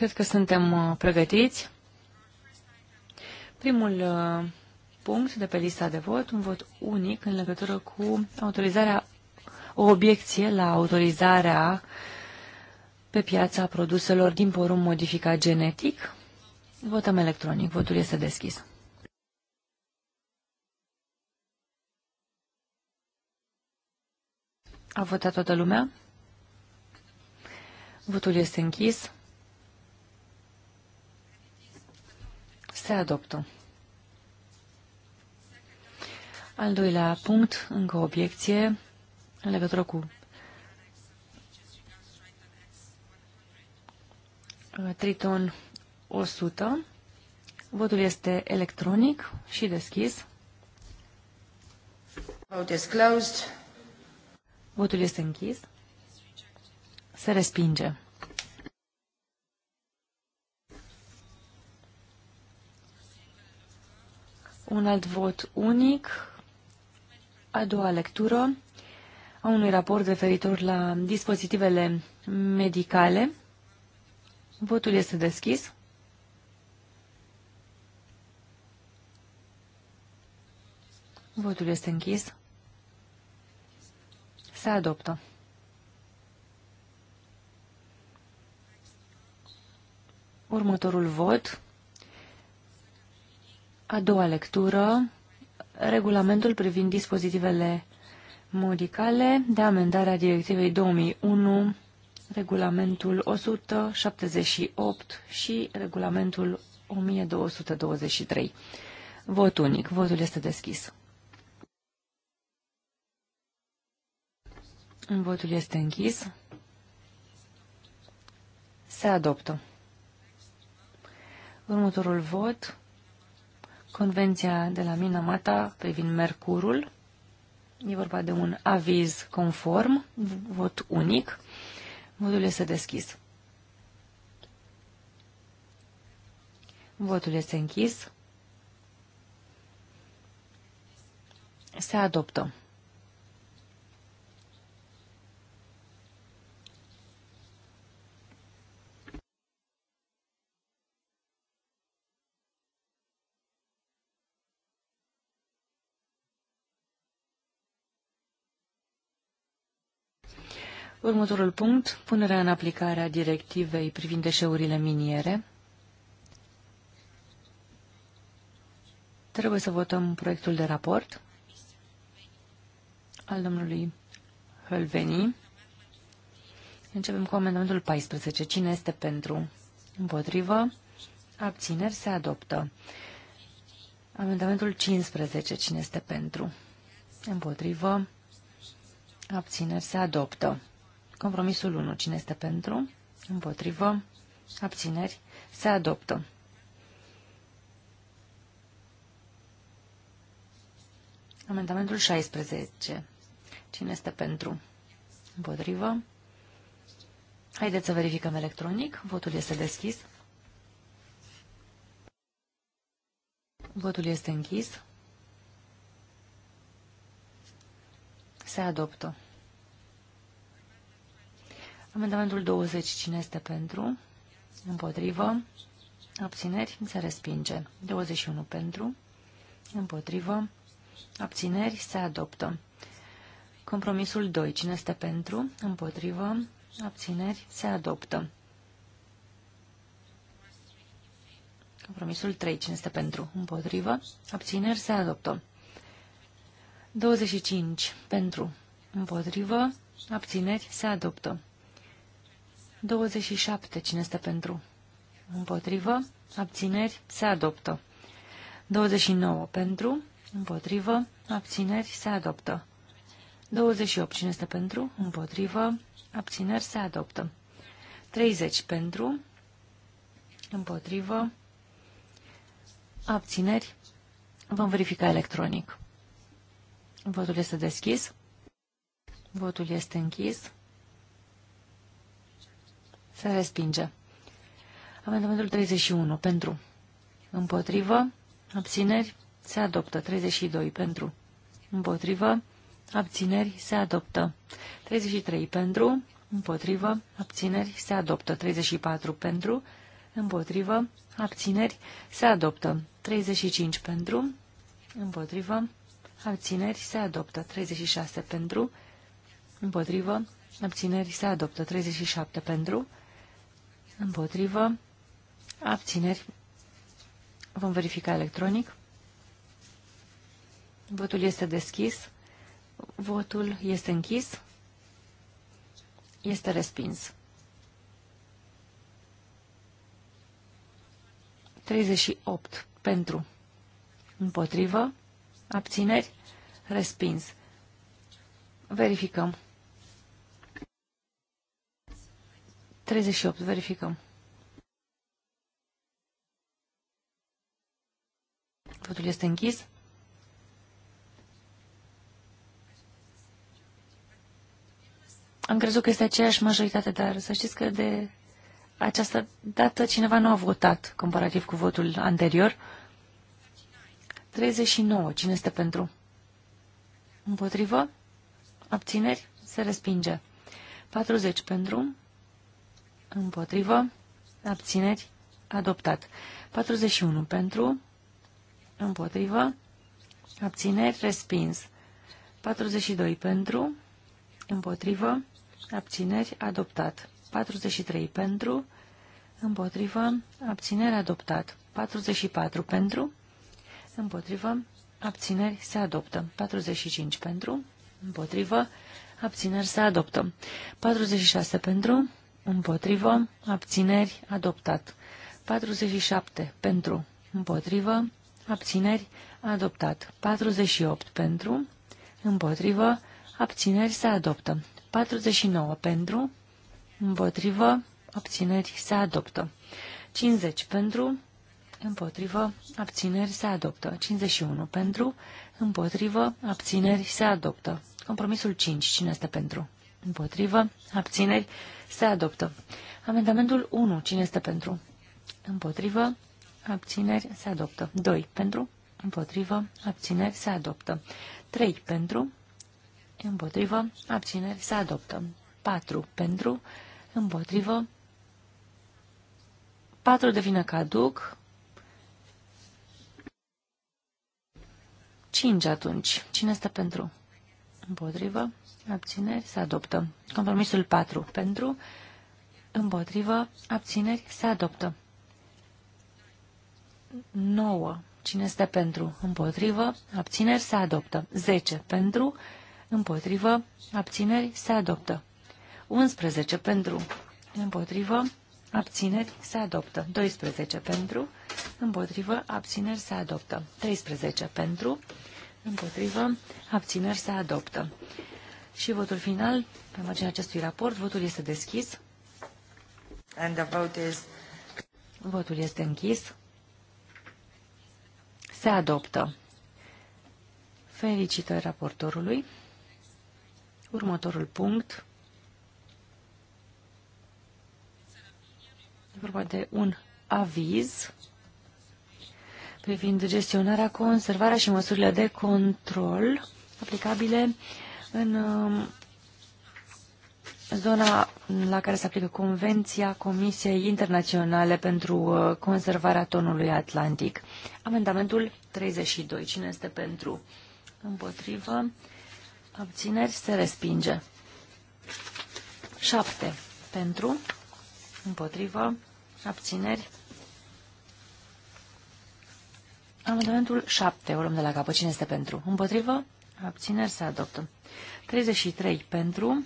Cred că suntem uh, pregătiți. Primul uh, punct de pe lista de vot, un vot unic în legătură cu autorizarea, o obiecție la autorizarea pe piața produselor din porum modificat genetic. Votăm electronic. Votul este deschis. A votat toată lumea? Votul este închis. Se adoptă. Al doilea punct, încă o obiecție, în legătură cu uh, Triton 100. Votul este electronic și deschis. Vote is closed. Votul este închis. Se respinge. un alt vot unic, a doua lectură a unui raport referitor la dispozitivele medicale. Votul este deschis. Votul este închis. Se adoptă. Următorul vot a doua lectură, regulamentul privind dispozitivele modicale, de amendare a directivei 2001, regulamentul 178 și regulamentul 1223. Vot unic. Votul este deschis. Votul este închis. Se adoptă. Următorul vot Convenția de la Minamata privind Mercurul. E vorba de un aviz conform, vot unic. Votul este deschis. Votul este închis. Se adoptă. Următorul punct, punerea în aplicare a directivei privind deșeurile miniere. Trebuie să votăm proiectul de raport al domnului Hălveni. Începem cu amendamentul 14. Cine este pentru? Împotrivă? Abțineri se adoptă. Amendamentul 15. Cine este pentru? Împotrivă? Abțineri se adoptă. Compromisul 1. Cine este pentru? Împotrivă. Abțineri. Se adoptă. Amendamentul 16. Cine este pentru? Împotrivă. Haideți să verificăm electronic. Votul este deschis. Votul este închis. Se adoptă. Amendamentul 20. Cine este pentru? Împotrivă. Abțineri. Se respinge. 21 pentru. Împotrivă. Abțineri. Se adoptă. Compromisul 2. Cine este pentru? Împotrivă. Abțineri. Se adoptă. Compromisul 3. Cine este pentru? Împotrivă. Abțineri. Se adoptă. 25. Pentru. Împotrivă. Abțineri. Se adoptă. 27. Cine este pentru? Împotrivă. Abțineri. Se adoptă. 29. Pentru. Împotrivă. Abțineri. Se adoptă. 28. Cine este pentru? Împotrivă. Abțineri. Se adoptă. 30. Pentru. Împotrivă. Abțineri. Vom verifica electronic. Votul este deschis. Votul este închis. Se respinge. Amendamentul 31. Pentru. Împotrivă. Abțineri. Se adoptă. 32. Pentru. Împotrivă. Abțineri. Se adoptă. 33. Pentru. Împotrivă. Abțineri. Se adoptă. 34. Pentru. Împotrivă. Abțineri. Se adoptă. 35. Pentru. Împotrivă. Abțineri. Se adoptă. 36. Pentru. Împotrivă. Abțineri. Se adoptă. 37. Pentru. Împotrivă. Abțineri. Vom verifica electronic. Votul este deschis. Votul este închis. Este respins. 38 pentru. Împotrivă. Abțineri. Respins. Verificăm. 38. Verificăm. Votul este închis. Am crezut că este aceeași majoritate, dar să știți că de această dată cineva nu a votat comparativ cu votul anterior. 39. Cine este pentru? Împotrivă? Abțineri? Se respinge. 40 pentru, Împotrivă. Abțineri. Adoptat. 41 pentru. Împotrivă. Abțineri. Respins. 42 pentru. Împotrivă. Abțineri. Adoptat. 43 pentru. Împotrivă. Abțineri. Adoptat. 44 pentru. Împotrivă. Abțineri. Se adoptă. 45 pentru. Împotrivă. Abțineri. Se adoptă. 46 pentru. Împotrivă. Abțineri. Adoptat. 47. Pentru. Împotrivă. Abțineri. Adoptat. 48. Pentru. Împotrivă. Abțineri. Se adoptă. 49. Pentru. Împotrivă. Abțineri. Se adoptă. 50. Pentru. Împotrivă. Abțineri. Se adoptă. 51. Pentru. Împotrivă. Abțineri. Se adoptă. Compromisul 5. Cine este pentru? Împotrivă. Abțineri. Se adoptă. Amendamentul 1. Cine este pentru? Împotrivă. Abțineri. Se adoptă. 2. Pentru. Împotrivă. Abțineri. Se adoptă. 3. Pentru. Împotrivă. Abțineri. Se adoptă. 4. Pentru. Împotrivă. 4 devine caduc. 5 atunci. Cine este pentru? împotrivă, abțineri, se adoptă. Compromisul 4 pentru, împotrivă, abțineri, se adoptă. 9. Cine este pentru, împotrivă, abțineri, se adoptă. 10. Pentru, împotrivă, abțineri, se adoptă. 11. Pentru, împotrivă, abțineri, se adoptă. 12. Pentru, împotrivă, abțineri, se adoptă. 13. Pentru, Împotrivă. Abțineri se adoptă. Și votul final, pe marginea acestui raport, votul este deschis. And the vote is... Votul este închis. Se adoptă. Felicitări raportorului. Următorul punct. E vorba de un aviz privind gestionarea, conservarea și măsurile de control aplicabile în um, zona la care se aplică Convenția Comisiei Internaționale pentru uh, Conservarea Tonului Atlantic. Amendamentul 32. Cine este pentru? Împotrivă. Abțineri se respinge. 7. Pentru. Împotrivă. Abțineri Amendamentul 7, o luăm de la capăt. Cine este pentru? Împotrivă? Abțineri se adoptă. 33 pentru,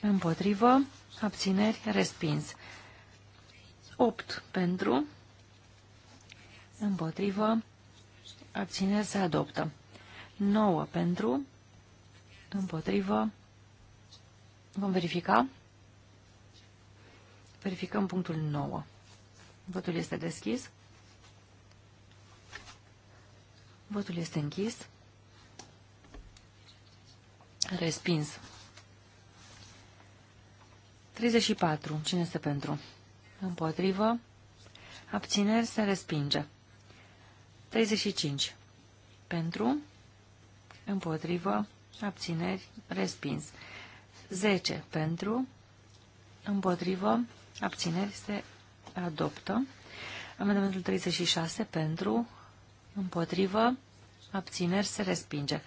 împotrivă, abțineri, respins. 8 pentru, împotrivă, abțineri se adoptă. 9 pentru, împotrivă, vom verifica. Verificăm punctul 9. Votul este deschis. Votul este închis. Respins. 34. Cine este pentru? Împotrivă. Abțineri se respinge. 35. Pentru. Împotrivă. Abțineri. Respins. 10. Pentru. Împotrivă. Abțineri se adoptă. Amendamentul 36. Pentru. Împotrivă. Abțineri se respinge.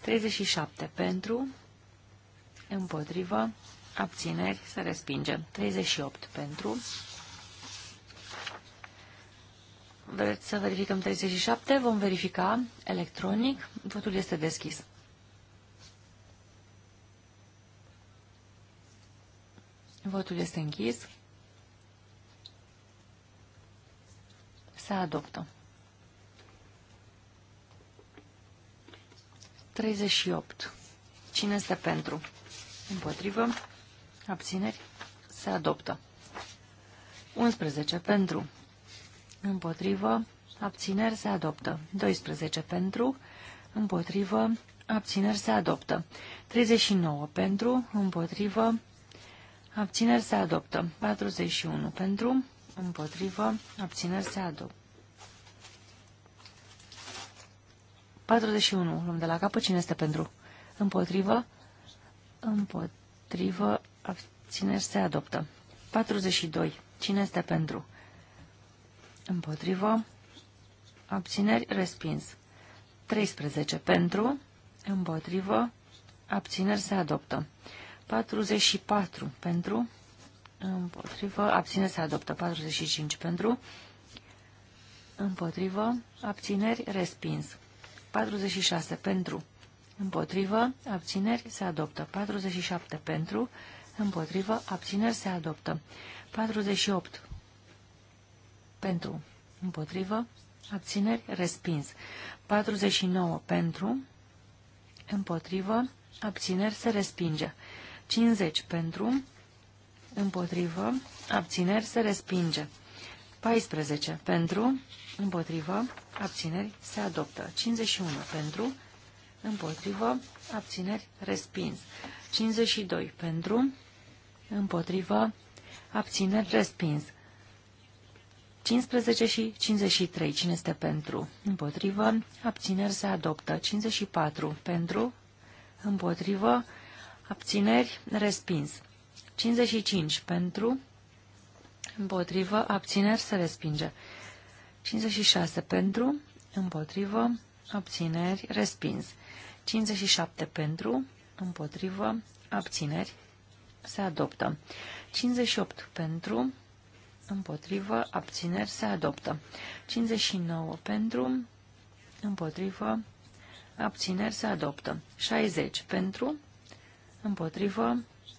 37 pentru. Împotrivă. Abțineri se respinge. 38 pentru. Vreți să verificăm 37? Vom verifica electronic. Votul este deschis. Votul este închis. Se adoptă. 38. Cine este pentru? Împotrivă. Abțineri. Se adoptă. 11 pentru. Împotrivă. Abțineri se adoptă. 12 pentru. Împotrivă. Abțineri se adoptă. 39 pentru. Împotrivă. Abțineri se adoptă. 41 pentru. Împotrivă. Abțineri se adoptă. 41. Luăm de la capăt. Cine este pentru? Împotrivă. Împotrivă. Abțineri se adoptă. 42. Cine este pentru? Împotrivă. Abțineri respins. 13. Pentru. Împotrivă. Abțineri se adoptă. 44. Pentru. Împotrivă. Abțineri se adoptă. 45. Pentru. Împotrivă. Abțineri respins. 46 pentru, împotrivă, abțineri, se adoptă. 47 pentru, împotrivă, abțineri, se adoptă. 48 pentru, împotrivă, abțineri, respins. 49 pentru, împotrivă, abțineri, se respinge. 50 pentru, împotrivă, abțineri, se respinge. 14 pentru, împotrivă, abțineri, se adoptă. 51 pentru, împotrivă, abțineri, respins. 52 pentru, împotrivă, abțineri, respins. 15 și 53. Cine este pentru? Împotrivă. Abțineri se adoptă. 54. Pentru. Împotrivă. Abțineri. Respins. 55. Pentru împotrivă, abțineri, se respinge. 56 pentru, împotrivă, abțineri, respins. 57 pentru, împotrivă, abțineri, se adoptă. 58 pentru, împotrivă, abțineri, se adoptă. 59 pentru, împotrivă, abțineri, se adoptă. 60 pentru, împotrivă,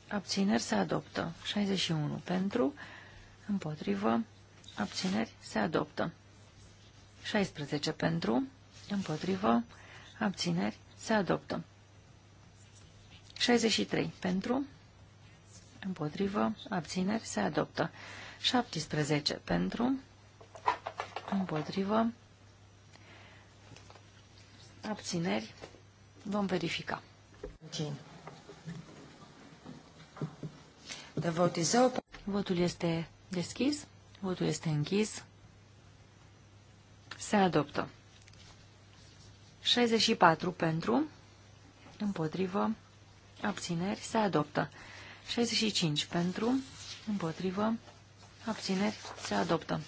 abțineri, se adoptă. 61 pentru, împotrivă, abțineri, se adoptă. 16 pentru, împotrivă, abțineri, se adoptă. 63 pentru, împotrivă, abțineri, se adoptă. 17 pentru, împotrivă, abțineri, vom verifica. Votul este deschis. Votul este închis. Se adoptă. 64 pentru, împotrivă, abțineri, se adoptă. 65 pentru, împotrivă, abțineri, se adoptă.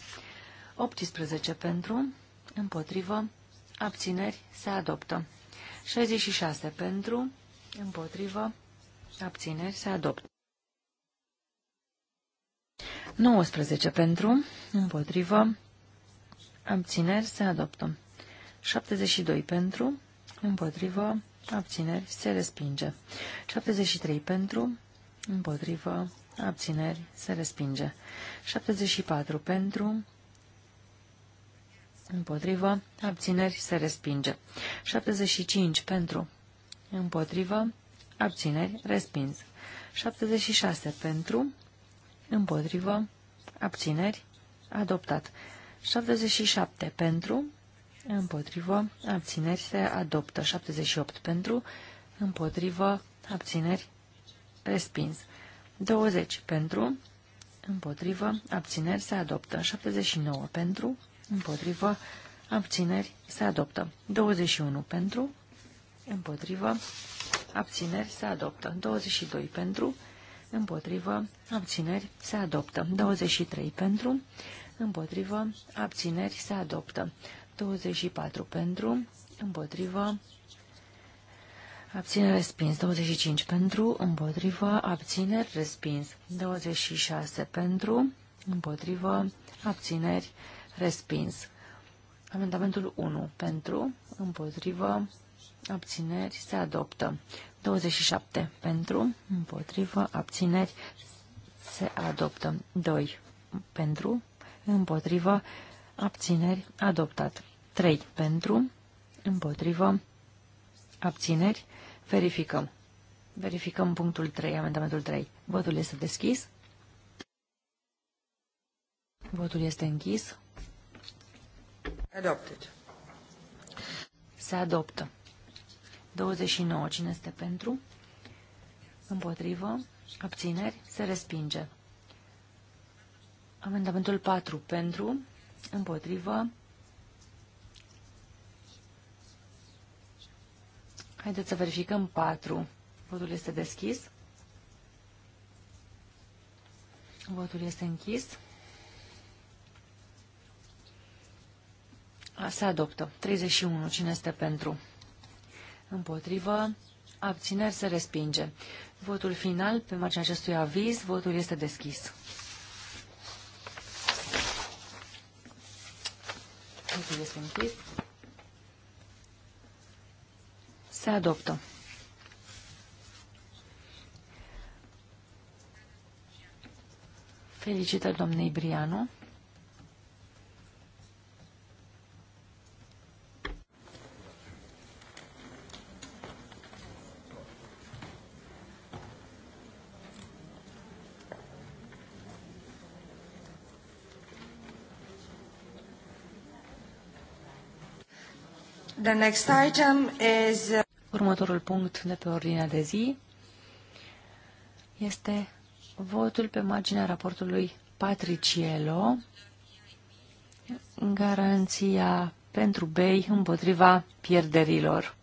18 pentru, împotrivă, abțineri, se adoptă. 66 pentru, împotrivă, abțineri, se adoptă. 19 pentru, împotrivă, abțineri se adoptă. 72 pentru, împotrivă, abțineri se respinge. 73 pentru, împotrivă, abțineri se respinge. 74 pentru, împotrivă, abțineri se respinge. 75 pentru, împotrivă, abțineri respins. 76 pentru, împotrivă, abțineri, adoptat. 77 pentru, împotrivă, abțineri, se adoptă. 78 pentru, împotrivă, abțineri, respins. 20 pentru, împotrivă, abțineri, se adoptă. 79 pentru, împotrivă, abțineri, se adoptă. 21 pentru, împotrivă, abțineri, se adoptă. 22 pentru, împotrivă, împotrivă, abțineri, se adoptă. 23 pentru, împotrivă, abțineri, se adoptă. 24 pentru, împotrivă, abțineri, respins. 25 pentru, împotrivă, abțineri, respins. 26 pentru, împotrivă, abțineri, respins. Amendamentul 1 pentru, împotrivă, abțineri, se adoptă. 27 pentru, împotrivă, abțineri, se adoptă. 2 pentru, împotrivă, abțineri, adoptat. 3 pentru, împotrivă, abțineri, verificăm. Verificăm punctul 3, amendamentul 3. Votul este deschis. Votul este închis. Adopted. Se adoptă. 29. Cine este pentru? Împotrivă. Abțineri. Se respinge. Amendamentul 4. Pentru. Împotrivă. Haideți să verificăm 4. Votul este deschis. Votul este închis. Se adoptă. 31. Cine este pentru? împotrivă, abțineri se respinge. Votul final pe marginea acestui aviz, votul este deschis. Votul este închis. Se adoptă. Felicitări domnei Brianu. The next item is... Uh, Următorul punct de pe ordinea de zi este votul pe marginea raportului Patriciello, garanția pentru bei împotriva pierderilor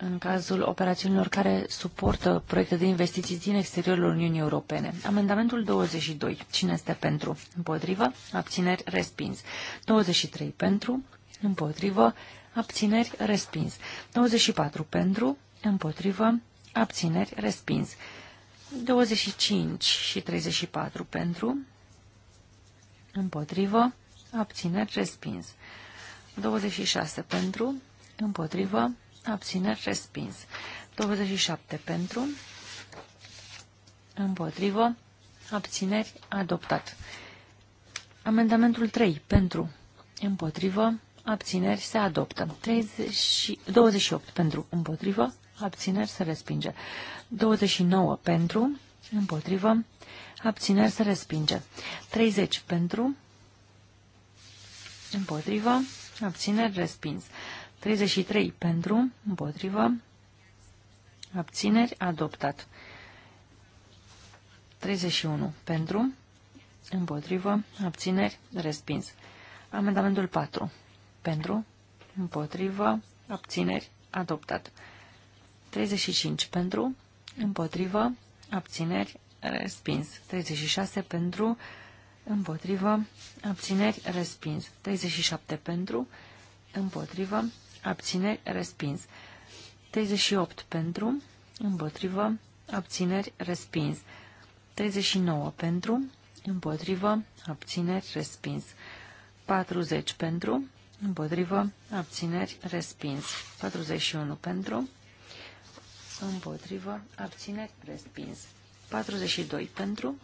în cazul operațiunilor care suportă proiecte de investiții din exteriorul Uniunii Europene. Amendamentul 22. Cine este pentru? Împotrivă? Abțineri? Respins. 23. Pentru? Împotrivă? Abțineri? Respins. 24. Pentru? Împotrivă? Abțineri? Respins. 25 și 34 pentru, împotrivă, abțineri, respins. 26 pentru, împotrivă, abțineri, respins. 27 pentru, împotrivă, abțineri, adoptat. Amendamentul 3 pentru, împotrivă, abțineri, se adoptă. 30, 28 pentru, împotrivă, abțineri, se respinge. 29 pentru, împotrivă, abțineri, se respinge. 30 pentru, împotrivă, abțineri, respins. 33 pentru, împotrivă, abțineri, adoptat. 31 pentru, împotrivă, abțineri, respins. Amendamentul 4 pentru, împotrivă, abțineri, adoptat. 35 pentru, împotrivă, abțineri, respins. 36 pentru, împotrivă, abțineri, respins. 37 pentru, împotrivă, abțineri, respins. 38 pentru, împotrivă, abțineri, respins. 39 pentru, împotrivă, abțineri, respins. 40 pentru, împotrivă, abțineri, respins. 41 pentru, împotrivă, abțineri, respins. 42 pentru,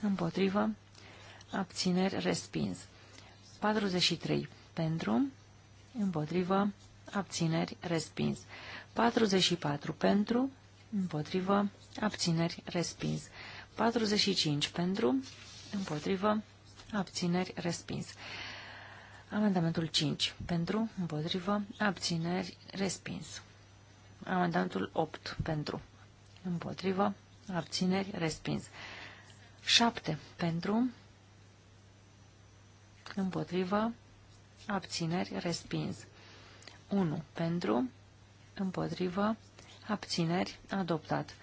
împotrivă, abțineri, respins. 43 pentru, împotrivă, abțineri, respins. 44 pentru, împotrivă, abțineri, respins. 45 pentru, împotrivă, abțineri, respins. Amendamentul 5 pentru, împotrivă, abțineri, respins. Amendamentul 8 pentru, împotrivă, abțineri, respins. 7 pentru, împotrivă, abțineri, respins. 1 pentru, împotrivă, abțineri, adoptat.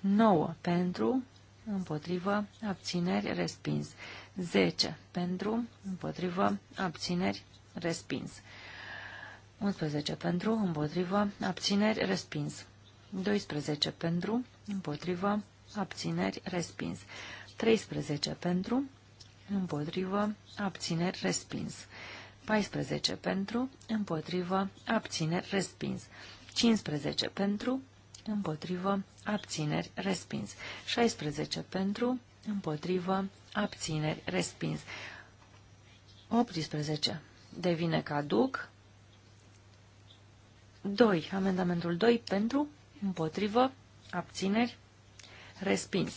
9 pentru, împotrivă, abțineri, respins. 10 pentru, împotrivă, abțineri, respins. 11 pentru, împotrivă, abțineri, respins. 12 pentru, împotrivă, abțineri, respins. 13 pentru, împotrivă, abțineri, respins. 14 pentru, împotrivă, abțineri, respins. 15 pentru, împotrivă, abțineri, respins. 16 pentru, împotrivă, abțineri, respins. 18. Devine caduc. 2. Amendamentul 2 pentru, împotrivă, abțineri, respins.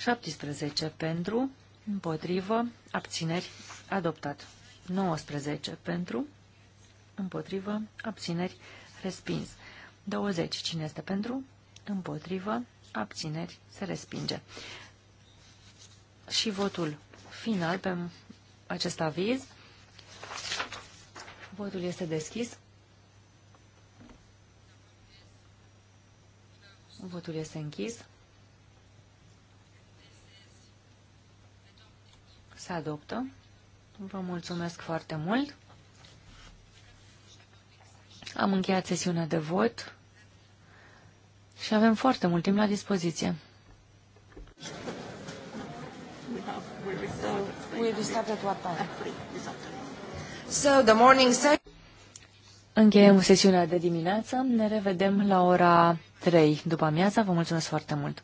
17 pentru, împotrivă, abțineri, adoptat. 19 pentru, împotrivă, abțineri, respins. 20. Cine este pentru? Împotrivă, abțineri, se respinge. Și votul final pe acest aviz. Votul este deschis. Votul este închis. Se adoptă. Vă mulțumesc foarte mult. Am încheiat sesiunea de vot și avem foarte mult timp la dispoziție. So, the morning Încheiem sesiunea de dimineață. Ne revedem la ora 3 după amiaza. Vă mulțumesc foarte mult!